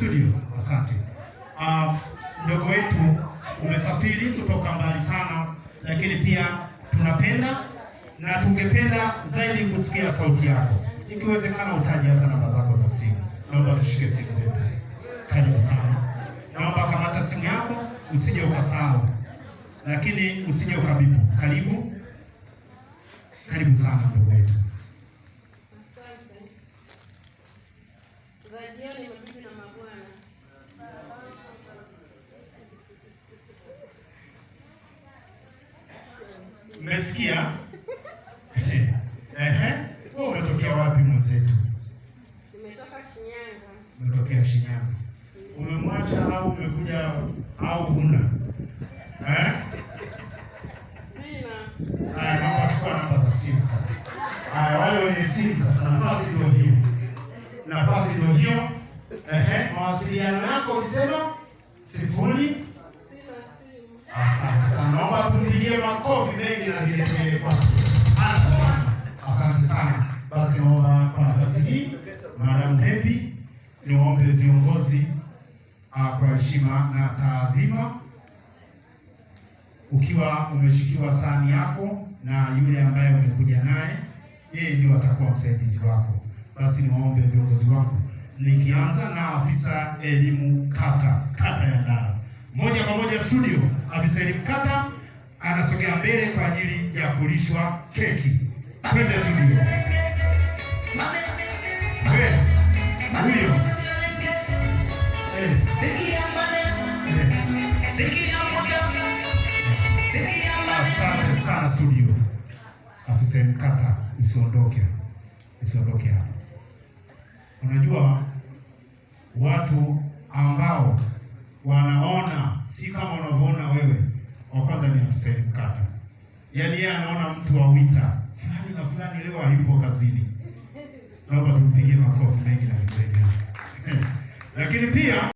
studio, asante. Uh, mdogo wetu umesafiri kutoka mbali sana, lakini pia tunapenda na tungependa zaidi kusikia sauti yako. Ikiwezekana utaje hata namba zako za simu, naomba tushike simu zetu. Karibu sana, naomba kamata simu yako, usije ukasahau, lakini usije ukabibu. Karibu, karibu sana mdogo wetu. Mmesikia? Ehe, wewe umetokea wapi mwenzetu? Nimetoka Shinyanga. Umetokea Shinyanga. Umemwacha au umekuja au huna? Eh? Sina. Haya, naomba chukua namba za simu sasa. Haya, wale wenye simu sasa, nafasi ndio hiyo. Nafasi ndio hiyo. Ehe, mawasiliano yako usema sifuri mengi na vilevile kwake. Asante sana. Basi naomba kwa nafasi hii Madam Happy, niwaombe viongozi ah, kwa heshima na taadhima, ukiwa umeshikiwa sahani yako na yule ambaye umekuja naye, yeye ndio atakuwa msaidizi wako. Basi niwaombe viongozi wangu, nikianza na afisa elimu kata kata ya Ndara, moja kwa moja studio, afisa elimu kata anasogea mbele kwa ajili ya kulishwa keki. Twende studio. Asante sana studio. Afisa mkata, usiondoke, usiondoke Unajua watu ambao wanaona si kama unavyoona wewe wa kwanza ni Hussein Mkata. Yaani yeye anaona mtu wa wita fulani na fulani leo hayupo kazini, naomba tumpigie makofi mengi na vigelegele lakini pia